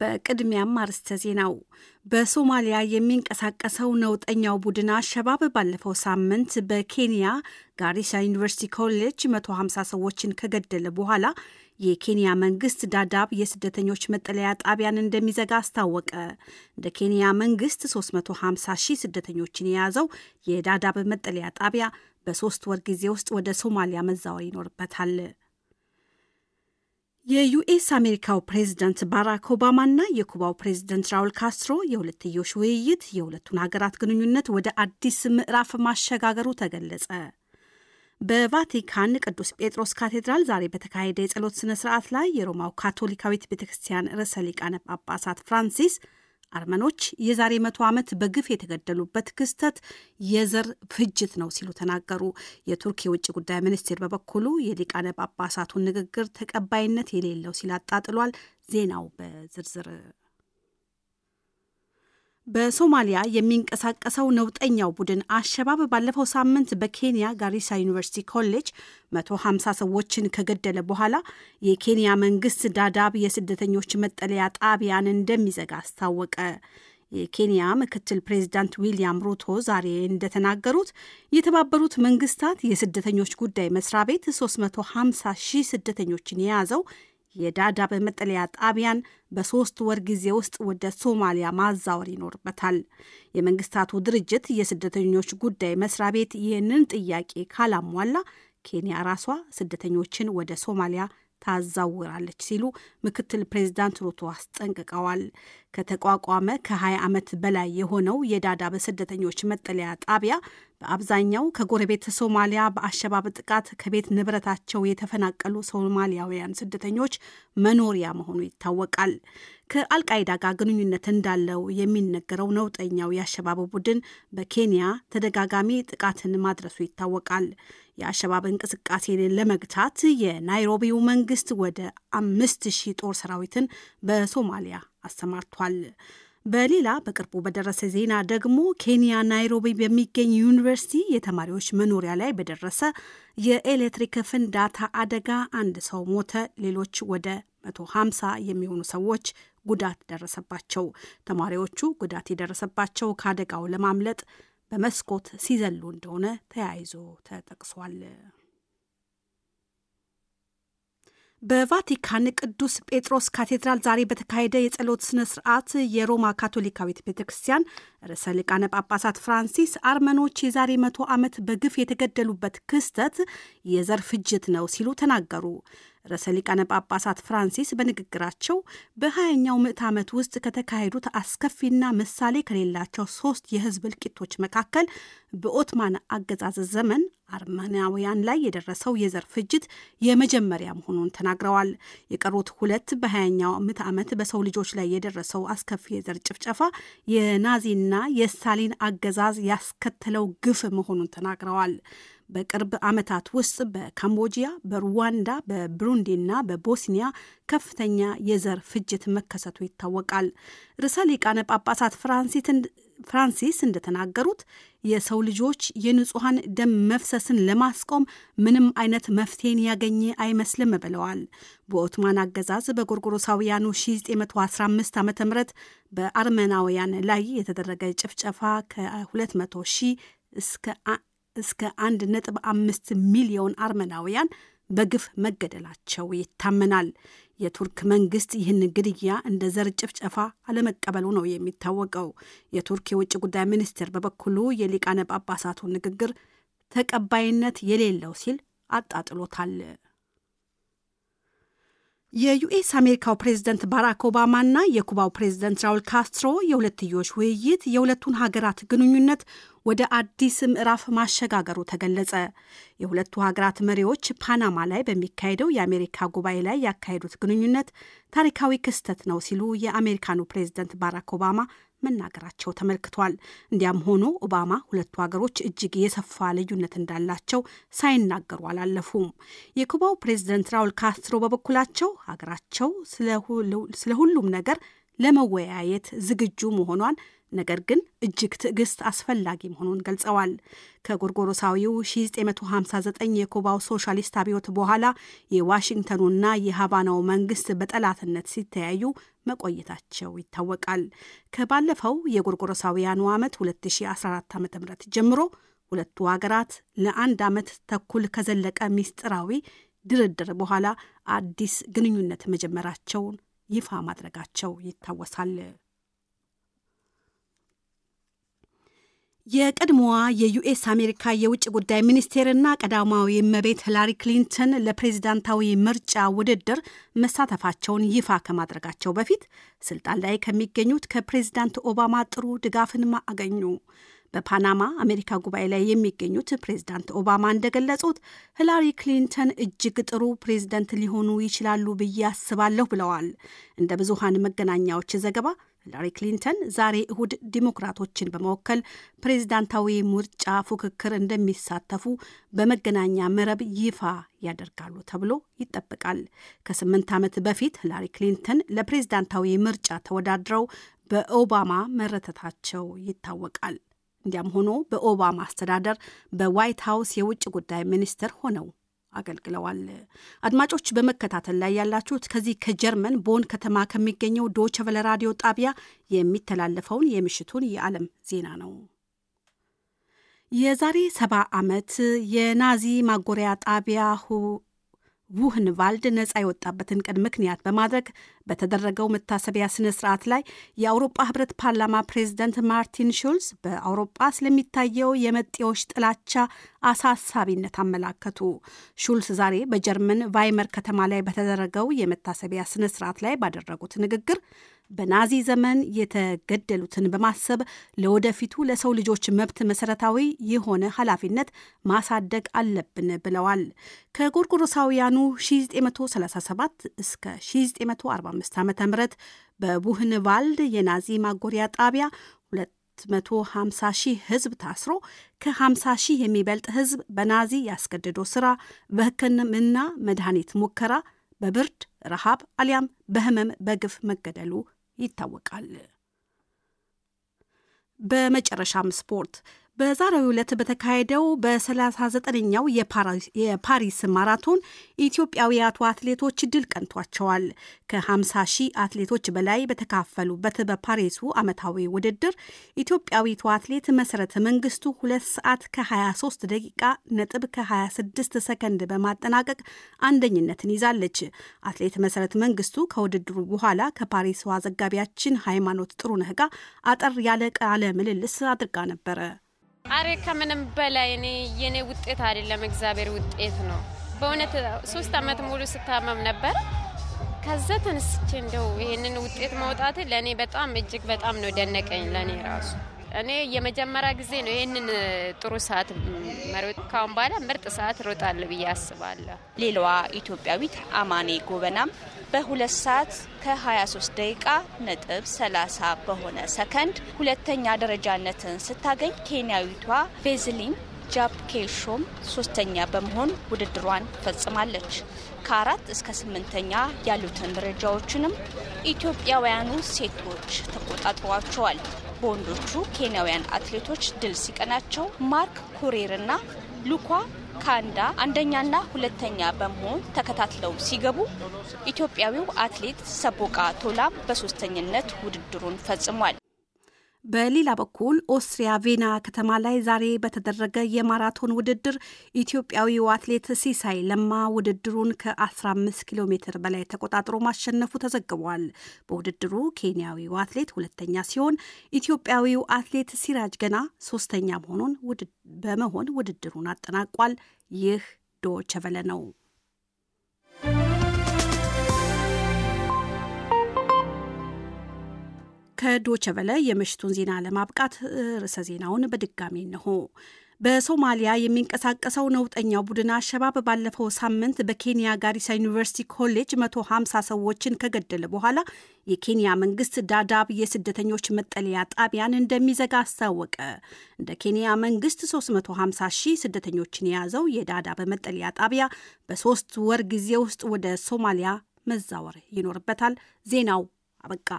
በቅድሚያም አርስተ ዜናው በሶማሊያ የሚንቀሳቀሰው ነውጠኛው ቡድን አሸባብ ባለፈው ሳምንት በኬንያ ጋሪሳ ዩኒቨርሲቲ ኮሌጅ 150 ሰዎችን ከገደለ በኋላ የኬንያ መንግስት ዳዳብ የስደተኞች መጠለያ ጣቢያን እንደሚዘጋ አስታወቀ። እንደ ኬንያ መንግስት 350 ሺህ ስደተኞችን የያዘው የዳዳብ መጠለያ ጣቢያ በሶስት ወር ጊዜ ውስጥ ወደ ሶማሊያ መዛወር ይኖርበታል። የዩኤስ አሜሪካው ፕሬዝደንት ባራክ ኦባማና የኩባው ፕሬዝደንት ራውል ካስትሮ የሁለትዮሽ ውይይት የሁለቱን ሀገራት ግንኙነት ወደ አዲስ ምዕራፍ ማሸጋገሩ ተገለጸ። በቫቲካን ቅዱስ ጴጥሮስ ካቴድራል ዛሬ በተካሄደ የጸሎት ስነ ስርዓት ላይ የሮማው ካቶሊካዊት ቤተክርስቲያን ርዕሰ ሊቃነ ጳጳሳት ፍራንሲስ አርመኖች የዛሬ መቶ ዓመት በግፍ የተገደሉበት ክስተት የዘር ፍጅት ነው ሲሉ ተናገሩ። የቱርክ የውጭ ጉዳይ ሚኒስቴር በበኩሉ የሊቃነ ጳጳሳቱን ንግግር ተቀባይነት የሌለው ሲል አጣጥሏል። ዜናው በዝርዝር በሶማሊያ የሚንቀሳቀሰው ነውጠኛው ቡድን አሸባብ ባለፈው ሳምንት በኬንያ ጋሪሳ ዩኒቨርሲቲ ኮሌጅ 150 ሰዎችን ከገደለ በኋላ የኬንያ መንግስት ዳዳብ የስደተኞች መጠለያ ጣቢያን እንደሚዘጋ አስታወቀ። የኬንያ ምክትል ፕሬዚዳንት ዊልያም ሩቶ ዛሬ እንደተናገሩት የተባበሩት መንግስታት የስደተኞች ጉዳይ መስሪያ ቤት 350 ሺህ ስደተኞችን የያዘው የዳዳብ መጠለያ ጣቢያን በሶስት ወር ጊዜ ውስጥ ወደ ሶማሊያ ማዛወር ይኖርበታል። የመንግስታቱ ድርጅት የስደተኞች ጉዳይ መስሪያ ቤት ይህንን ጥያቄ ካላሟላ ኬንያ ራሷ ስደተኞችን ወደ ሶማሊያ ታዛውራለች ሲሉ ምክትል ፕሬዚዳንት ሩቶ አስጠንቅቀዋል። ከተቋቋመ ከ20 ዓመት በላይ የሆነው የዳዳ በስደተኞች መጠለያ ጣቢያ በአብዛኛው ከጎረቤት ሶማሊያ በአሸባብ ጥቃት ከቤት ንብረታቸው የተፈናቀሉ ሶማሊያውያን ስደተኞች መኖሪያ መሆኑ ይታወቃል። ከአልቃይዳ ጋር ግንኙነት እንዳለው የሚነገረው ነውጠኛው የአሸባብ ቡድን በኬንያ ተደጋጋሚ ጥቃትን ማድረሱ ይታወቃል። የአሸባብ እንቅስቃሴን ለመግታት የናይሮቢው መንግስት ወደ አምስት ሺህ ጦር ሰራዊትን በሶማሊያ አሰማርቷል። በሌላ በቅርቡ በደረሰ ዜና ደግሞ ኬንያ ናይሮቢ በሚገኝ ዩኒቨርሲቲ የተማሪዎች መኖሪያ ላይ በደረሰ የኤሌክትሪክ ፍንዳታ አደጋ አንድ ሰው ሞተ፣ ሌሎች ወደ 150 የሚሆኑ ሰዎች ጉዳት ደረሰባቸው። ተማሪዎቹ ጉዳት የደረሰባቸው ከአደጋው ለማምለጥ በመስኮት ሲዘሉ እንደሆነ ተያይዞ ተጠቅሷል። በቫቲካን ቅዱስ ጴጥሮስ ካቴድራል ዛሬ በተካሄደ የጸሎት ስነ ስርዓት የሮማ ካቶሊካዊት ቤተ ክርስቲያን ርዕሰ ሊቃነ ጳጳሳት ፍራንሲስ አርመኖች የዛሬ መቶ ዓመት በግፍ የተገደሉበት ክስተት የዘር ፍጅት ነው ሲሉ ተናገሩ። ርዕሰ ሊቃነ ጳጳሳት ፍራንሲስ በንግግራቸው በሀያኛው ምዕት ዓመት ውስጥ ከተካሄዱት አስከፊና ምሳሌ ከሌላቸው ሶስት የህዝብ እልቂቶች መካከል በኦትማን አገዛዝ ዘመን አርመናውያን ላይ የደረሰው የዘር ፍጅት የመጀመሪያ መሆኑን ተናግረዋል። የቀሩት ሁለት በሀያኛው ምዕት ዓመት በሰው ልጆች ላይ የደረሰው አስከፊ የዘር ጭፍጨፋ የናዚና የስታሊን አገዛዝ ያስከተለው ግፍ መሆኑን ተናግረዋል። በቅርብ ዓመታት ውስጥ በካምቦጂያ፣ በሩዋንዳ፣ በብሩንዲና በቦስኒያ ከፍተኛ የዘር ፍጅት መከሰቱ ይታወቃል። ርዕሰ ሊቃነ ጳጳሳት ፍራንሲስ እንደተናገሩት የሰው ልጆች የንጹሐን ደም መፍሰስን ለማስቆም ምንም አይነት መፍትሄን ያገኘ አይመስልም ብለዋል። በኦትማን አገዛዝ በጎርጎሮሳውያኑ 1915 ዓ ም በአርመናውያን ላይ የተደረገ ጭፍጨፋ ከ200 ሺህ እስከ እስከ 1.5 ሚሊዮን አርመናውያን በግፍ መገደላቸው ይታመናል። የቱርክ መንግስት ይህን ግድያ እንደ ዘር ጭፍጨፋ አለመቀበሉ ነው የሚታወቀው። የቱርክ የውጭ ጉዳይ ሚኒስቴር በበኩሉ የሊቃነ ጳጳሳቱ ንግግር ተቀባይነት የሌለው ሲል አጣጥሎታል። የዩኤስ አሜሪካው ፕሬዝደንት ባራክ ና የኩባው ፕሬዝደንት ራውል ካስትሮ የሁለትዮሽ ውይይት የሁለቱን ሀገራት ግንኙነት ወደ አዲስ ምዕራፍ ማሸጋገሩ ተገለጸ። የሁለቱ ሀገራት መሪዎች ፓናማ ላይ በሚካሄደው የአሜሪካ ጉባኤ ላይ ያካሄዱት ግንኙነት ታሪካዊ ክስተት ነው ሲሉ የአሜሪካኑ ፕሬዝደንት ባራክ ኦባማ መናገራቸው ተመልክቷል። እንዲያም ሆኖ ኦባማ ሁለቱ ሀገሮች እጅግ የሰፋ ልዩነት እንዳላቸው ሳይናገሩ አላለፉም። የኩባው ፕሬዚደንት ራውል ካስትሮ በበኩላቸው ሀገራቸው ስለ ሁሉም ነገር ለመወያየት ዝግጁ መሆኗን ነገር ግን እጅግ ትዕግስት አስፈላጊ መሆኑን ገልጸዋል። ከጎርጎሮሳዊው 1959 የኩባው ሶሻሊስት አብዮት በኋላ የዋሽንግተኑና የሃቫናው መንግስት በጠላትነት ሲተያዩ መቆየታቸው ይታወቃል። ከባለፈው የጎርጎሮሳውያኑ ዓመት 2014 ዓ ም ጀምሮ ሁለቱ ሀገራት ለአንድ ዓመት ተኩል ከዘለቀ ምስጢራዊ ድርድር በኋላ አዲስ ግንኙነት መጀመራቸውን ይፋ ማድረጋቸው ይታወሳል። የቀድሞዋ የዩኤስ አሜሪካ የውጭ ጉዳይ ሚኒስቴርና ቀዳማዊ እመቤት ሂላሪ ክሊንተን ለፕሬዝዳንታዊ ምርጫ ውድድር መሳተፋቸውን ይፋ ከማድረጋቸው በፊት ስልጣን ላይ ከሚገኙት ከፕሬዝዳንት ኦባማ ጥሩ ድጋፍን አገኙ። በፓናማ አሜሪካ ጉባኤ ላይ የሚገኙት ፕሬዝዳንት ኦባማ እንደገለጹት ሂላሪ ክሊንተን እጅግ ጥሩ ፕሬዚደንት ሊሆኑ ይችላሉ ብዬ አስባለሁ ብለዋል። እንደ ብዙሃን መገናኛዎች ዘገባ ሂላሪ ክሊንተን ዛሬ እሁድ ዲሞክራቶችን በመወከል ፕሬዝዳንታዊ ምርጫ ፉክክር እንደሚሳተፉ በመገናኛ መረብ ይፋ ያደርጋሉ ተብሎ ይጠበቃል። ከስምንት ዓመት በፊት ሂላሪ ክሊንተን ለፕሬዝዳንታዊ ምርጫ ተወዳድረው በኦባማ መረተታቸው ይታወቃል። እንዲያም ሆኖ በኦባማ አስተዳደር በዋይት ሀውስ የውጭ ጉዳይ ሚኒስትር ሆነው አገልግለዋል። አድማጮች በመከታተል ላይ ያላችሁት ከዚህ ከጀርመን ቦን ከተማ ከሚገኘው ዶቸቨለ ራዲዮ ጣቢያ የሚተላለፈውን የምሽቱን የዓለም ዜና ነው። የዛሬ ሰባ ዓመት የናዚ ማጎሪያ ጣቢያ ቡህንቫልድ ነጻ የወጣበትን ቀን ምክንያት በማድረግ በተደረገው መታሰቢያ ስነ ስርዓት ላይ የአውሮጳ ህብረት ፓርላማ ፕሬዚደንት ማርቲን ሹልስ በአውሮጳ ስለሚታየው የመጤዎች ጥላቻ አሳሳቢነት አመላከቱ። ሹልስ ዛሬ በጀርመን ቫይመር ከተማ ላይ በተደረገው የመታሰቢያ ስነ ስርዓት ላይ ባደረጉት ንግግር በናዚ ዘመን የተገደሉትን በማሰብ ለወደፊቱ ለሰው ልጆች መብት መሰረታዊ የሆነ ኃላፊነት ማሳደግ አለብን ብለዋል። ከጎርጎሮሳውያኑ 937 እስከ 945 ዓ ም በቡህንቫልድ የናዚ ማጎሪያ ጣቢያ 250 ሺህ ህዝብ ታስሮ ከ50 ሺህ የሚበልጥ ህዝብ በናዚ ያስገድዶ ስራ፣ በህክምና መድኃኒት ሙከራ፣ በብርድ ረሃብ አሊያም በህመም በግፍ መገደሉ ይታወቃል። በመጨረሻም ስፖርት በዛሬው ዕለት በተካሄደው በ39ኛው የፓሪስ ማራቶን ኢትዮጵያውያቱ አትሌቶች ድል ቀንቷቸዋል። ከ50 ሺህ አትሌቶች በላይ በተካፈሉበት በፓሪሱ ዓመታዊ ውድድር ኢትዮጵያዊቱ አትሌት መሰረተ መንግስቱ 2 ሰዓት ከ23 ደቂቃ ነጥብ ከ26 ሰከንድ በማጠናቀቅ አንደኝነትን ይዛለች። አትሌት መሰረት መንግስቱ ከውድድሩ በኋላ ከፓሪስዋ ዘጋቢያችን ሃይማኖት ጥሩነህ ጋር አጠር ያለ ቃለ ምልልስ አድርጋ ነበረ። አሬ ከምንም በላይ እኔ የኔ ውጤት አይደለም እግዚአብሔር ውጤት ነው። በእውነት ሶስት አመት ሙሉ ስታመም ነበር። ከዛ ተነስቼ እንደው ይህንን ውጤት መውጣት ለእኔ በጣም እጅግ በጣም ነው ደነቀኝ። ለእኔ ራሱ እኔ የመጀመሪያ ጊዜ ነው ይህንን ጥሩ ሰዓት መሮጥ። ካሁን በኋላ ምርጥ ሰዓት ሮጣለሁ ብዬ አስባለሁ። ሌላዋ ኢትዮጵያዊት አማኔ ጎበናም በሁለት ሰዓት ከ23 ደቂቃ ነጥብ 30 በሆነ ሰከንድ ሁለተኛ ደረጃነትን ስታገኝ ኬንያዊቷ ቬዝሊን ጃፕ ኬሾም ሶስተኛ በመሆን ውድድሯን ፈጽማለች። ከአራት እስከ ስምንተኛ ያሉትን ደረጃዎችንም ኢትዮጵያውያኑ ሴቶች ተቆጣጥሯቸዋል። በወንዶቹ ኬንያውያን አትሌቶች ድል ሲቀናቸው ማርክ ኩሬርና ሉኳ ካንዳ አንደኛና ሁለተኛ በመሆን ተከታትለው ሲገቡ ኢትዮጵያዊው አትሌት ሰቦቃ ቶላ በሶስተኝነት ውድድሩን ፈጽሟል። በሌላ በኩል ኦስትሪያ ቬና ከተማ ላይ ዛሬ በተደረገ የማራቶን ውድድር ኢትዮጵያዊው አትሌት ሲሳይ ለማ ውድድሩን ከ15 ኪሎ ሜትር በላይ ተቆጣጥሮ ማሸነፉ ተዘግቧል። በውድድሩ ኬንያዊው አትሌት ሁለተኛ ሲሆን ኢትዮጵያዊው አትሌት ሲራጅ ገና ሶስተኛ መሆኑን በመሆን ውድድሩን አጠናቋል። ይህ ዶቸቨለ ነው። ከዶቸበለ የምሽቱን ዜና ለማብቃት ርዕሰ ዜናውን በድጋሚ እንሆ። በሶማሊያ የሚንቀሳቀሰው ነውጠኛው ቡድን አሸባብ ባለፈው ሳምንት በኬንያ ጋሪሳ ዩኒቨርሲቲ ኮሌጅ 150 ሰዎችን ከገደለ በኋላ የኬንያ መንግስት ዳዳብ የስደተኞች መጠለያ ጣቢያን እንደሚዘጋ አስታወቀ። እንደ ኬንያ መንግስት 350 ሺህ ስደተኞችን የያዘው የዳዳብ መጠለያ ጣቢያ በሶስት ወር ጊዜ ውስጥ ወደ ሶማሊያ መዛወር ይኖርበታል። ዜናው አበቃ።